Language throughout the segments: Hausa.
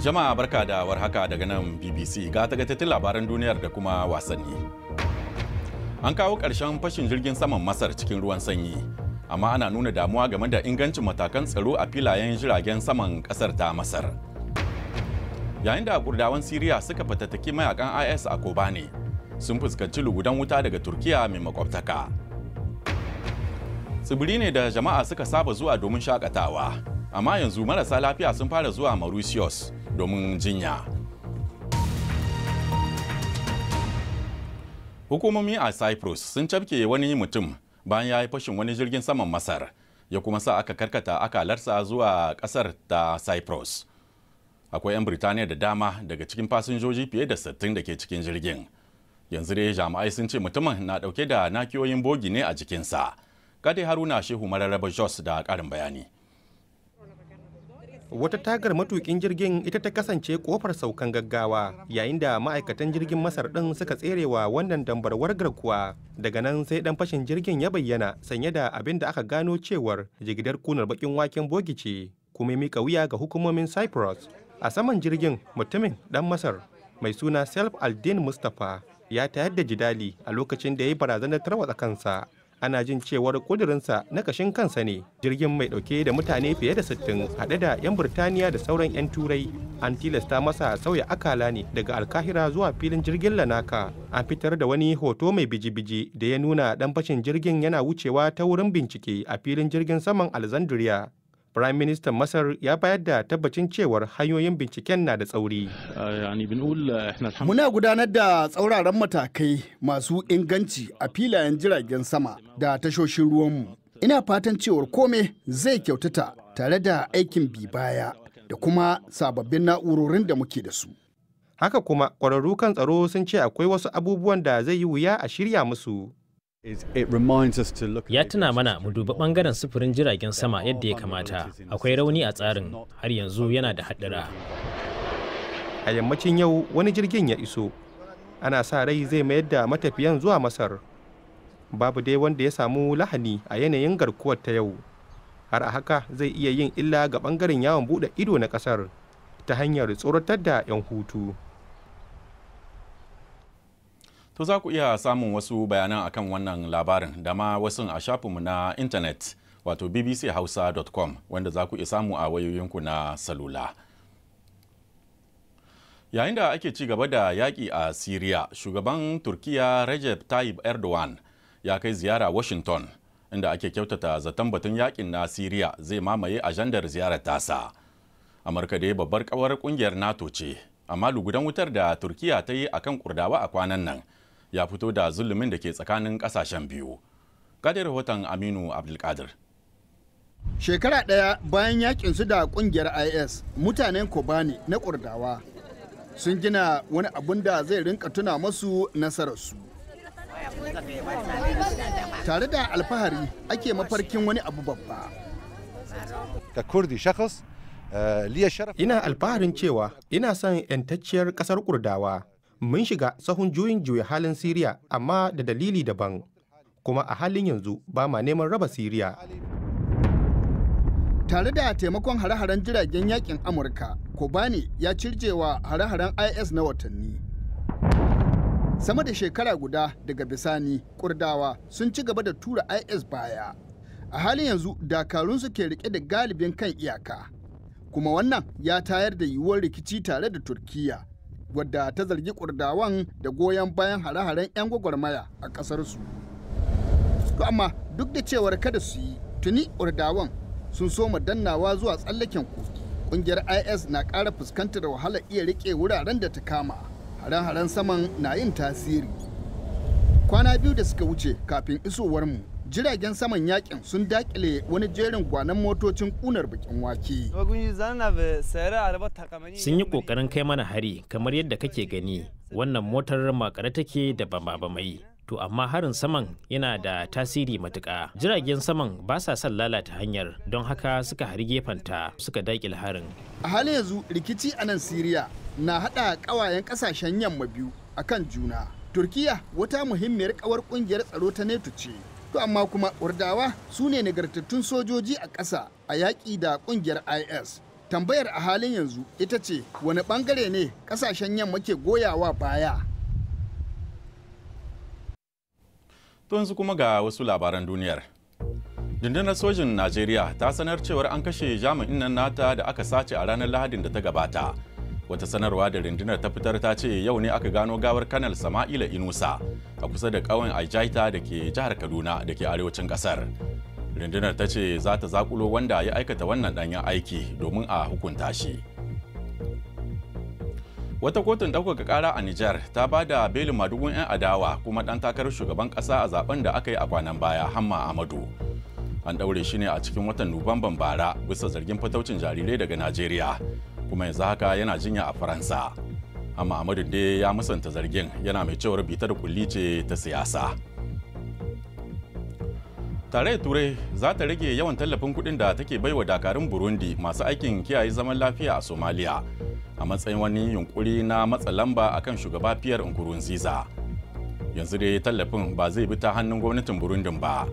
Jama'a barka da warhaka daga nan BBC ga ta tagaitattun labaran duniyar da kuma wasanni. An kawo ƙarshen fashin jirgin saman Masar cikin ruwan sanyi, amma ana nuna damuwa game da ingancin matakan tsaro a filayen jiragen saman ƙasar ta Masar. Yayin da Kurdawan Siriya suka fatattaki mayakan IS a Kobane, sun fuskanci lugudan wuta daga Turkiya mai makwabtaka. Tsibiri ne da jama'a suka saba zuwa domin shakatawa, amma yanzu marasa lafiya sun fara zuwa Mauritius domin jinya hukumomi a cyprus sun cafke wani mutum bayan ya yi fashin wani jirgin saman masar ya kuma sa aka karkata akalarsa zuwa kasar ta cyprus akwai 'yan birtaniya da dama daga cikin fasinjoji fiye da 60 da ke cikin jirgin yanzu dai jami'ai sun ce mutumin na dauke da nakiyoyin bogi ne a jikinsa kade haruna shehu mararraba jos da karin bayani wata tagar matukin jirgin ita ta kasance kofar saukan gaggawa yayin da ma'aikatan jirgin masar ɗin suka tserewa wannan dambarwar garkuwa daga nan sai dan fashin jirgin ya bayyana sanye da abin da aka gano cewar jigidar kunar bakin waken bogi ce kuma mika wuya ga hukumomin cyprus a saman jirgin mutumin dan masar mai suna self aldin mustapha ya tayar da jidali a lokacin da ya yi barazanar tarwatsa kansa ana jin cewar kudurinsa na kashin kansa ne jirgin mai dauke da mutane fiye da 60 haɗe da 'yan burtaniya da sauran 'yan turai an tilasta masa sauya akala ne daga alkahira zuwa filin jirgin lanaka an fitar da wani hoto mai biji-biji da ya nuna dan fashin jirgin yana wucewa ta wurin bincike a filin jirgin saman alexandria Prime Minister Masar ya bayar da tabbacin cewar hanyoyin binciken na da tsauri. Eh, eh, Muna gudanar da tsauraran matakai masu inganci a filayen jiragen sama da tashoshin ruwanmu. Ina fatan cewar kome zai kyautata tare da aikin bi baya da kuma sababbin na'urorin da muke da su. Haka kuma ƙwararru kan tsaro sun ce akwai wasu abubuwan da zai yi wuya a shirya musu. Ya tuna mana mu duba bangaren sufurin jiragen sama yadda ya kamata. Akwai rauni a tsarin har yanzu yana da haɗura. A yammacin yau wani jirgin ya iso. Ana sa rai zai mayar da matafiyan zuwa Masar. Babu dai wanda ya samu lahani a yanayin garkuwar ta yau. Har a haka zai iya yin illa ga bangaren yawon buɗe ido na ƙasar ta hanyar tsoratar da 'yan hutu. To za ku iya samun wasu bayanan akan wannan labarin da ma wasu a shafinmu na intanet wato bbchausa.com wanda za ku iya samu a wayoyinku na salula. Yayin da ake ci gaba da yaƙi a Siriya, shugaban turkiyya Recep Tayyip Erdogan ya kai ziyara Washington inda ake kyautata zaton batun yaƙin na Siriya zai mamaye ajandar ziyarar tasa. Amurka dai babbar kawar ƙungiyar NATO ce, amma lugudan wutar da turkiyya ta yi akan kurdawa a kwanan nan. ya fito da zulumin da ke tsakanin kasashen biyu gadar rahoton aminu abdulkadir shekara ɗaya bayan yakin su da ƙungiyar is mutanen kobani na kurdawa sun gina wani abun da zai rinka tuna masu nasararsu tare da alfahari ake mafarkin wani abu babba eh, ina alfaharin cewa ina son 'yantacciyar ƙasar kurdawa mun shiga sahun juyin juya halin Siriya amma da dalili daban kuma a halin yanzu ba ma neman raba Siriya. Tare da taimakon hare-haren jiragen yakin Amurka, Kobani ya cirjewa hare-haren IS na watanni. Sama da shekara guda daga bisani, Kurdawa sun ci gaba da tura IS baya. A halin yanzu dakarunsu ke rike da galibin kan iyaka. Kuma wannan ya tayar da yiwuwar rikici tare da Turkiyya. wadda ta zargi kurdawan da goyon bayan hare-haren 'yan gwagwarmaya a ƙasarsu. su amma duk da cewar kada su yi tuni kurdawan sun soma dannawa zuwa tsallaken kogi. Ƙungiyar IS na ƙara fuskantar wahalar iya riƙe wuraren da ta kama. Haren-haren saman na yin tasiri. Kwana biyu da suka wuce kafin isowar mu jiragen saman yakin sun dakile wani jerin gwanan motocin kunar bikin wake. Sun yi kokarin kai mana hari kamar yadda kake gani wannan motar makare take da bama-bamai. To amma harin saman yana da tasiri matuka. Jiragen saman ba sa son lalata hanyar don haka suka hari gefanta suka dakile harin. A halin yanzu rikici a nan Siriya na haɗa ƙawayen ƙasashen yamma biyu akan juna. Turkiya wata muhimmiyar kawar ƙungiyar tsaro ta NATO ce. To amma kuma urdawa su ne nagartattun sojoji a ƙasa a yaƙi da ƙungiyar IS. Tambayar a halin yanzu ita ce wani ɓangare ne ƙasashen yamma ke goyawa baya. To yanzu kuma ga wasu labaran duniyar. Dindinar sojin Najeriya ta sanar cewar an kashe jami'in nan nata da aka sace a ranar Lahadin da ta gabata. wata sanarwa da rundunar ta fitar ta ce yau ne aka gano gawar kanal sama'ila inusa a kusa da ƙauyen ajaita da ke jihar kaduna da ke arewacin ƙasar rundunar ta ce za ta zakulo wanda ya aikata wannan ɗanyen aiki domin a hukunta shi wata kotun ɗaukaka ƙara a Nijar ta ba da belin madugun 'yan adawa kuma ɗan takarar shugaban ƙasa a zaben da aka yi a kwanan baya hamma amadu an ɗaure shi ne a cikin watan nuwamban bara bisa zargin fataucin jarirai daga najeriya kuma yanzu haka yana jinya a faransa amma amadu dai ya musanta zargin yana mai cewar bitar kulli ce ta siyasa tare turai za ta rage yawan tallafin kudin da take bai wa dakarun burundi masu aikin kiyaye zaman lafiya a somaliya a matsayin wani yunkuri na matsa lamba akan shugaba fiyar nkurunziza yanzu dai tallafin ba zai bi ta hannun gwamnatin burundin ba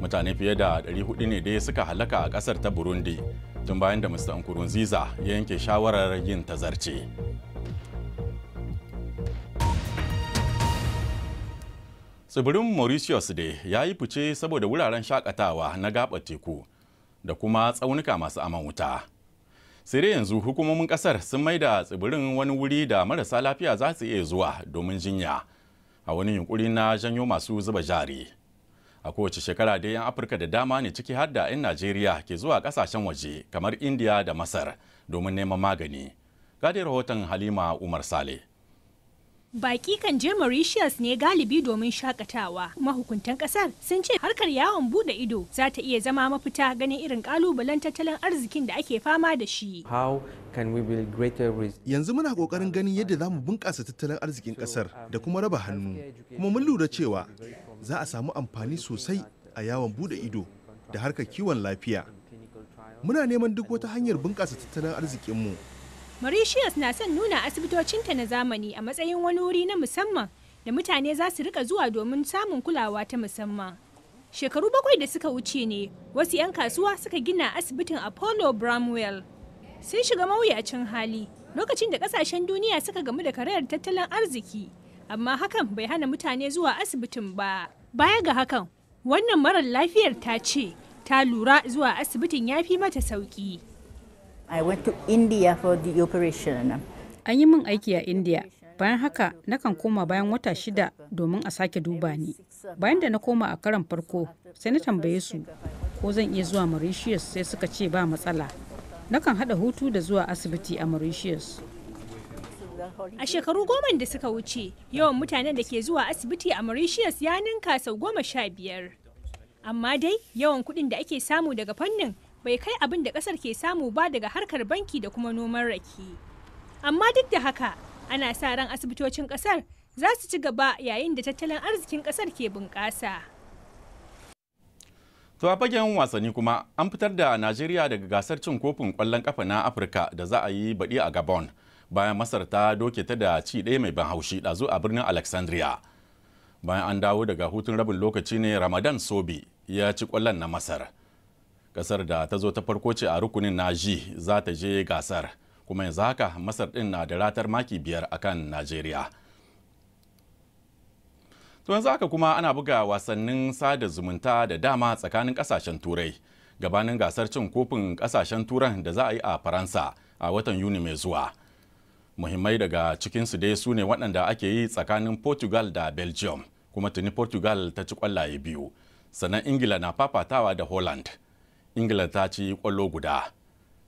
mutane fiye da 400 ne dai suka halaka a kasar ta burundi tun bayan da Mr. Nkurunziza ya yanke shawarar yin tazarce. Tsibirin Mauritius dai ya yi fice saboda wuraren shakatawa na gaba teku da kuma tsaunuka masu aman wuta. Sire yanzu hukumomin kasar sun maida tsibirin wani wuri da marasa lafiya za su iya zuwa domin jinya a wani yunkuri na janyo masu zuba jari. a kowace shekara da yan afirka da dama ne ciki har da 'yan najeriya ke zuwa kasashen waje kamar indiya da masar domin neman magani gadi rahoton halima umar saleh Baki kan je Mauritius ne galibi domin shakatawa. Mahukuntan kasar sun ce harkar yawon bude ido za ta iya zama mafita ganin irin kalubalen tattalin arzikin da ake fama da shi. How can we build greater Yanzu muna kokarin ganin yadda za mu bunƙasa tattalin arzikin kasar da kuma raba hannu. Kuma mun lura cewa za a samu amfani sosai a yawon bude ido da harkar kiwon lafiya. Muna neman duk wata hanyar bunƙasa tattalin arzikinmu. mu. Mauritius na son nuna asibitocinta na zamani a matsayin wani wuri na musamman da mutane za su rika zuwa domin samun kulawa ta musamman. Shekaru bakwai da suka wuce ne, wasu 'yan kasuwa suka gina asibitin Apollo Bramwell. Sun shiga mawuyacin hali lokacin da kasashen duniya suka gamu da karayar tattalin arziki, amma hakan bai hana mutane zuwa asibitin ba. Baya ga hakan, wannan marar lafiyar ta ce ta lura zuwa asibitin ya fi mata sauki. I went to India for the operation. An yi min aiki a India. Bayan haka nakan koma bayan wata shida domin a sake duba ni. Bayan da na koma a karan farko sai na tambaye su ko zan iya zuwa Mauritius sai suka ce ba matsala. Nakan hada hutu da zuwa asibiti a Mauritius. A shekaru goma da suka wuce, yawan mutanen da ke zuwa asibiti a Mauritius ya ninka sau goma sha biyar. Amma dai yawan kuɗin da ake samu daga fannin bai kai abin da kasar ke samu ba daga harkar banki da kuma noman rake amma duk da haka ana sa ran asibitocin kasar za su ci gaba yayin da tattalin arzikin kasar ke bunƙasa to a fagen wasanni kuma an fitar da najeriya daga gasar cin kofin ƙwallon kafa na afirka da za a yi baɗi a gabon bayan masar ta doke ta da ci ɗaya mai ban haushi ɗazu a birnin alexandria bayan an dawo daga hutun rabin lokaci ne ramadan sobi ya ci kwallon na masar kasar da ta zo ta farko ce a rukunin naji za ta je gasar kuma yanzu haka masar din na da ratar maki biyar akan najeriya to yanzu haka kuma ana buga wasannin sada zumunta da dama tsakanin kasashen turai gabanin gasar cin kofin kasashen turan da za a yi a faransa a watan yuni mai zuwa muhimmai daga cikinsu dai su ne waɗanda ake yi tsakanin portugal da belgium kuma tuni portugal ta ci kwallaye biyu sannan ingila na fafatawa da holland ingila ta ci kwallo guda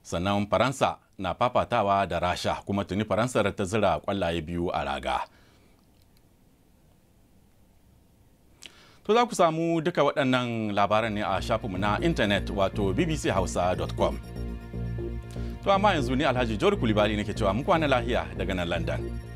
sannan faransa na fafatawa da rasha kuma tuni faransar ta zira kwallaye biyu a raga to za ku samu duka waɗannan labaran ne a shafinmu na intanet wato bbchausa.com to amma yanzu ne alhaji jori kulibali nake cewa mu kwana lahiya daga nan london